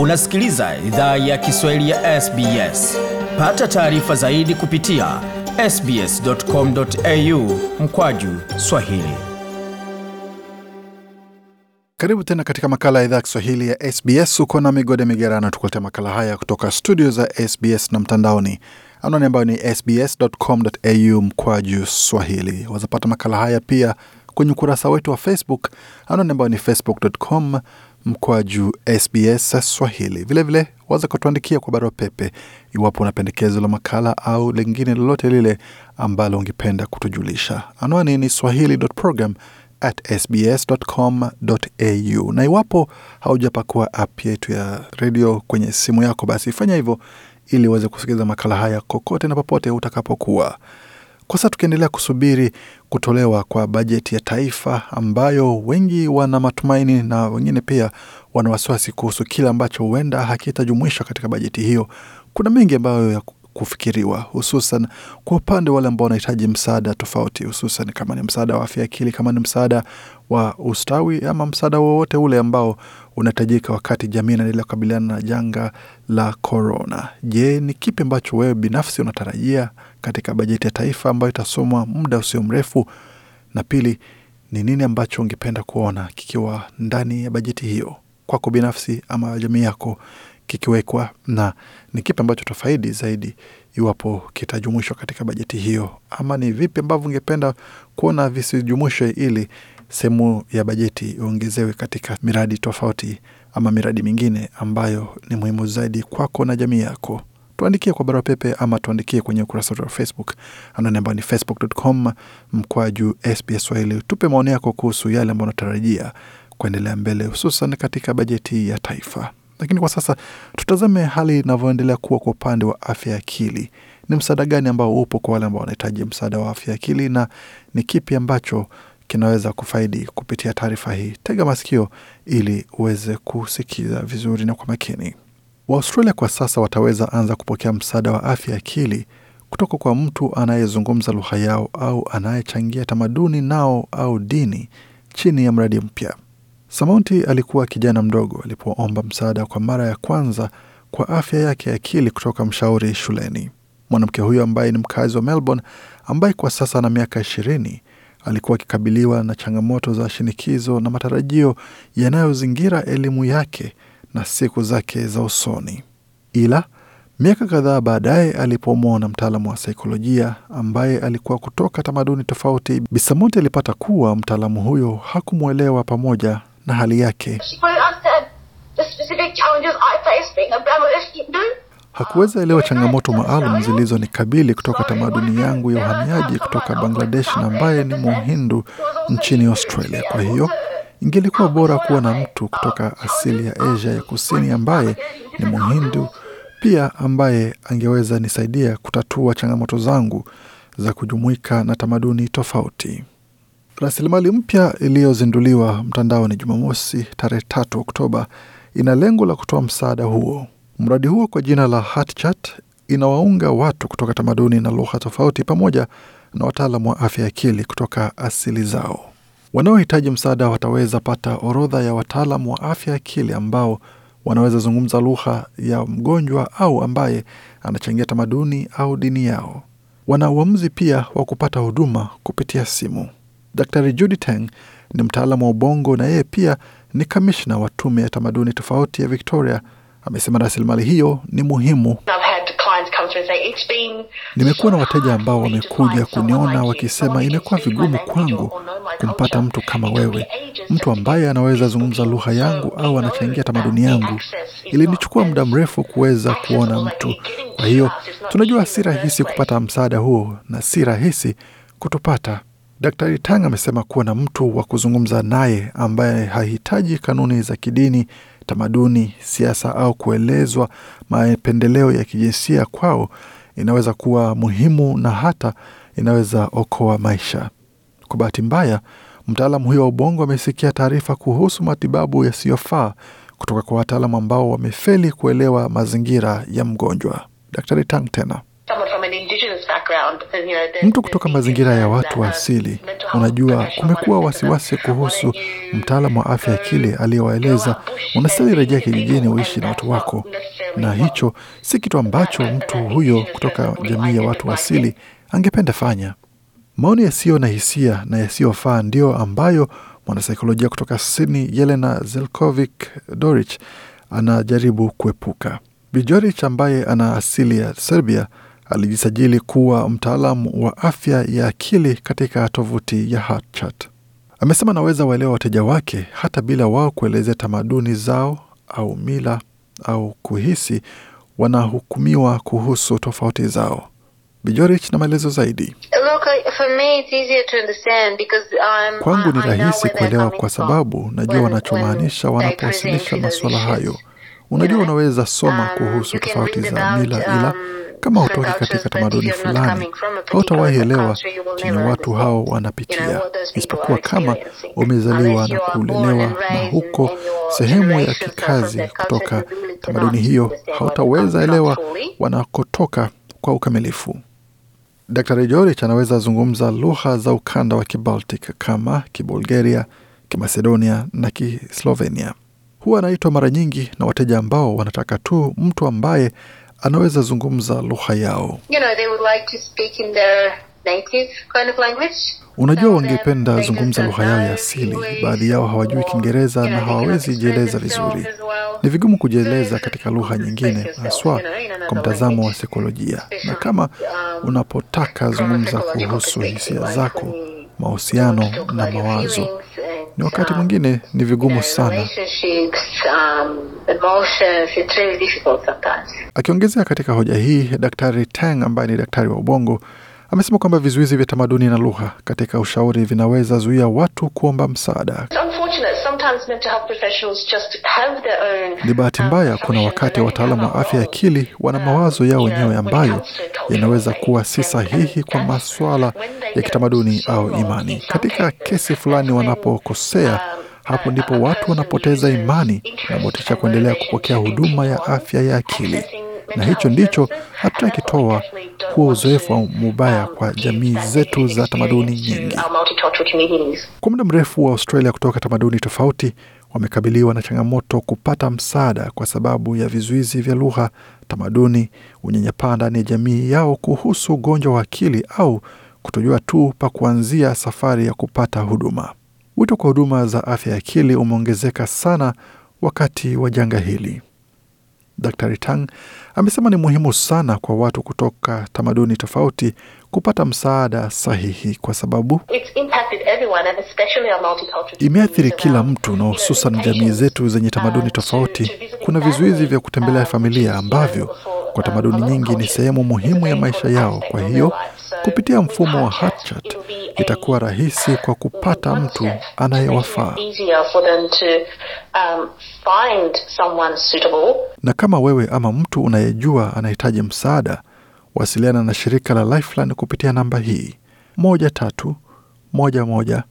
Unasikiliza idhaa ya Kiswahili ya SBS. Pata taarifa zaidi kupitia sbs.com.au mkwaju swahili. Karibu tena katika makala ya idhaa ya Kiswahili ya SBS. Uko na Migode Migerano tukuletea makala haya kutoka studio za SBS na mtandaoni, anwani ambayo ni sbs.com.au mkwaju swahili. Wazapata makala haya pia kwenye ukurasa wetu wa Facebook, anani ambayo ni facebook.com juu SBS Swahili. Vilevile waza kutuandikia kwa barua pepe iwapo una pendekezo la makala au lingine lolote lile ambalo ungependa kutujulisha. Anwani ni swahili.program at sbs.com.au, na iwapo haujapakua app yetu ya redio kwenye simu yako, basi fanya hivyo ili uweze kusikiliza makala haya kokote na popote utakapokuwa. Kwa sasa tukiendelea kusubiri kutolewa kwa bajeti ya taifa ambayo wengi wana matumaini na wengine pia wana wasiwasi kuhusu kile ambacho huenda hakitajumuishwa katika bajeti hiyo. Kuna mengi ambayo ya kufikiriwa hususan kwa upande wale ambao wanahitaji msaada tofauti, hususan kama ni msaada wa afya akili, kama ni msaada wa ustawi ama msaada wowote ule ambao unahitajika wakati jamii inaendelea kukabiliana na janga la korona. Je, ni kipi ambacho wewe binafsi unatarajia katika bajeti ya taifa ambayo itasomwa muda usio mrefu, na pili ni nini ambacho ungependa kuona kikiwa ndani ya bajeti hiyo kwako binafsi ama jamii yako kikiwekwa, na ni kipi ambacho tafaidi zaidi iwapo kitajumuishwa katika bajeti hiyo, ama ni vipi ambavyo ungependa kuona visijumuishwe ili sehemu ya bajeti iongezewe katika miradi tofauti ama miradi mingine ambayo ni muhimu zaidi kwako na jamii yako tuandikie kwa barua pepe ama tuandikie kwenye ukurasa wetu wa Facebook, anani ambayo ni facebook.com mkwaju SBS Swahili. Tupe maoni yako kuhusu yale ambayo unatarajia kuendelea mbele, hususan katika bajeti ya taifa. Lakini kwa sasa tutazame hali inavyoendelea kuwa kwa upande wa afya ya akili. Ni msaada gani ambao upo kwa wale ambao wanahitaji msaada wa afya ya akili, na ni kipi ambacho kinaweza kufaidi kupitia taarifa hii? Tega masikio ili uweze kusikiza vizuri na kwa makini. Waaustralia kwa sasa wataweza anza kupokea msaada wa afya akili kutoka kwa mtu anayezungumza lugha yao au anayechangia tamaduni nao au dini chini ya mradi mpya. Samaunti alikuwa kijana mdogo alipoomba msaada kwa mara ya kwanza kwa afya yake ya akili kutoka mshauri shuleni. Mwanamke huyo ambaye ni mkazi wa Melbourne, ambaye kwa sasa ana miaka ishirini, alikuwa akikabiliwa na changamoto za shinikizo na matarajio yanayozingira elimu yake na siku zake za usoni. Ila miaka kadhaa baadaye, alipomwona mtaalamu wa saikolojia ambaye alikuwa kutoka tamaduni tofauti, bisamoti alipata kuwa mtaalamu huyo hakumwelewa pamoja na hali yake. Hakuweza elewa changamoto maalum zilizonikabili kutoka tamaduni yangu ya uhamiaji kutoka Bangladesh na ambaye ni Muhindu nchini Australia. Kwa hiyo Ingelikuwa bora kuwa na mtu kutoka asili ya Asia ya Kusini ambaye ni muhindu pia ambaye angeweza nisaidia kutatua changamoto zangu za kujumuika na tamaduni tofauti. Rasilimali mpya iliyozinduliwa mtandao ni Jumamosi tarehe tatu Oktoba ina lengo la kutoa msaada huo. Mradi huo kwa jina la Hatchat inawaunga watu kutoka tamaduni na lugha tofauti pamoja na wataalam wa afya ya akili kutoka asili zao. Wanaohitaji msaada wataweza pata orodha ya wataalam wa afya akili ambao wanaweza zungumza lugha ya mgonjwa au ambaye anachangia tamaduni au dini yao. Wana uamuzi pia wa kupata huduma kupitia simu. dr Judy Tang ni mtaalamu wa ubongo na yeye pia ni kamishna wa tume ya tamaduni tofauti ya Victoria. Amesema rasilimali hiyo ni muhimu. Nimekuwa na wateja ambao wamekuja kuniona wakisema, imekuwa vigumu kwangu kumpata mtu kama wewe, mtu ambaye anaweza zungumza lugha yangu au anachangia tamaduni yangu. Ilinichukua muda mrefu kuweza kuona mtu. Kwa hiyo tunajua si rahisi kupata msaada huo na si rahisi kutupata. Daktari Tang amesema kuwa na mtu wa kuzungumza naye ambaye hahitaji kanuni za kidini tamaduni, siasa au kuelezwa mapendeleo ya kijinsia kwao inaweza kuwa muhimu na hata inaweza okoa maisha. Kwa bahati mbaya, mtaalamu huyo wa ubongo amesikia taarifa kuhusu matibabu yasiyofaa kutoka kwa wataalamu ambao wamefeli kuelewa mazingira ya mgonjwa. Daktari Tang tena mtu kutoka mazingira ya watu wa um, asili. Unajua, kumekuwa wasiwasi kuhusu mtaalamu wa afya akili aliyewaeleza, unastahili rejea kijijini, uishi na watu wako, na hicho si kitu ambacho mtu huyo kutoka jamii ya watu wa asili angependa fanya. Maoni yasiyo na hisia na yasiyofaa ndiyo ambayo mwanasaikolojia kutoka Sydney Yelena Zelkovic Dorich anajaribu kuepuka. Bijorich ambaye ana asili ya Serbia alijisajili kuwa mtaalamu wa afya ya akili katika tovuti ya Hachat. Amesema anaweza waelewa wateja wake hata bila wao kuelezea tamaduni zao au mila au kuhisi wanahukumiwa kuhusu tofauti zao. Bijorich na maelezo zaidi. kwangu ni rahisi kuelewa kwa sababu najua wanachomaanisha wanapowasilisha masuala hayo. Unajua, unaweza soma um, kuhusu tofauti za mila, ila um, kama hutoki katika tamaduni fulani, hautawahi elewa chenye watu hao wanapitia, isipokuwa kama umezaliwa na kulelewa na huko sehemu ya kikazi kutoka tamaduni hiyo, hautaweza elewa wanakotoka kwa ukamilifu. Dr Jorich anaweza zungumza lugha za ukanda wa Kibaltic kama Kibulgaria, Kimacedonia na Kislovenia. Huwa anaitwa mara nyingi na wateja ambao wanataka tu mtu ambaye anaweza zungumza lugha yao. You know, they would like to speak in their native kind of language. Unajua, wangependa zungumza lugha yao ya asili. Baadhi yao hawajui Kiingereza na hawawezi jieleza vizuri. Ni vigumu kujieleza katika lugha nyingine, haswa kwa mtazamo wa saikolojia. Na kama um, unapotaka zungumza kuhusu hisia zako, mahusiano na mawazo ni wakati mwingine ni vigumu sana. Um, Akiongezea katika hoja hii, Daktari Tang ambaye ni daktari wa ubongo amesema kwamba vizuizi vya tamaduni na lugha katika ushauri vinaweza zuia watu kuomba msaada. Ni bahati um, mbaya, kuna wakati wataalamu wa afya ya akili wana mawazo yao wenyewe ambayo yanaweza kuwa si sahihi kwa maswala ya kitamaduni au imani. Katika kesi fulani, wanapokosea, hapo ndipo watu wanapoteza imani na motisha kuendelea kupokea huduma ya afya ya akili na hicho ndicho hatutakitoa kuwa uzoefu mubaya kwa jamii zetu za tamaduni nyingi. Kwa muda mrefu wa Australia kutoka tamaduni tofauti wamekabiliwa na changamoto kupata msaada kwa sababu ya vizuizi vya lugha, tamaduni, unyanyapaa ndani ya jamii yao kuhusu ugonjwa wa akili au kutojua tu pa kuanzia safari ya kupata huduma. Wito kwa huduma za afya ya akili umeongezeka sana wakati wa janga hili. Daktari Tang amesema ni muhimu sana kwa watu kutoka tamaduni tofauti kupata msaada sahihi kwa sababu imeathiri kila mtu na hususan jamii zetu zenye tamaduni uh, tofauti. Kuna vizuizi vya kutembelea uh, familia ambavyo kwa tamaduni nyingi ni sehemu muhimu ya maisha yao. Kwa hiyo kupitia mfumo wa HeartChat itakuwa rahisi kwa kupata mtu anayewafaa. Na kama wewe ama mtu unayejua anahitaji msaada, wasiliana na shirika la Lifeline kupitia namba hii moja tatu moja moja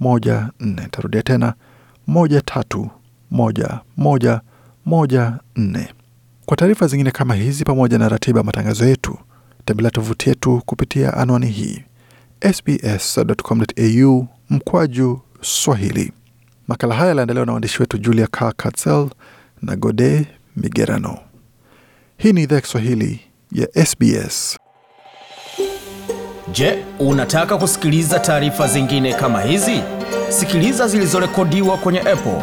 moja nne. Tarudia tena moja tatu moja moja moja nne. Kwa taarifa zingine kama hizi pamoja na ratiba ya matangazo yetu, tembelea tovuti yetu kupitia anwani hii sbs.com.au mkwaju swahili. Makala haya yaliandaliwa na waandishi wetu Julia car Katzel na Gode Migerano. Hii ni idhaa ya Kiswahili ya SBS. Je, unataka kusikiliza taarifa zingine kama hizi? Sikiliza zilizorekodiwa kwenye Apple,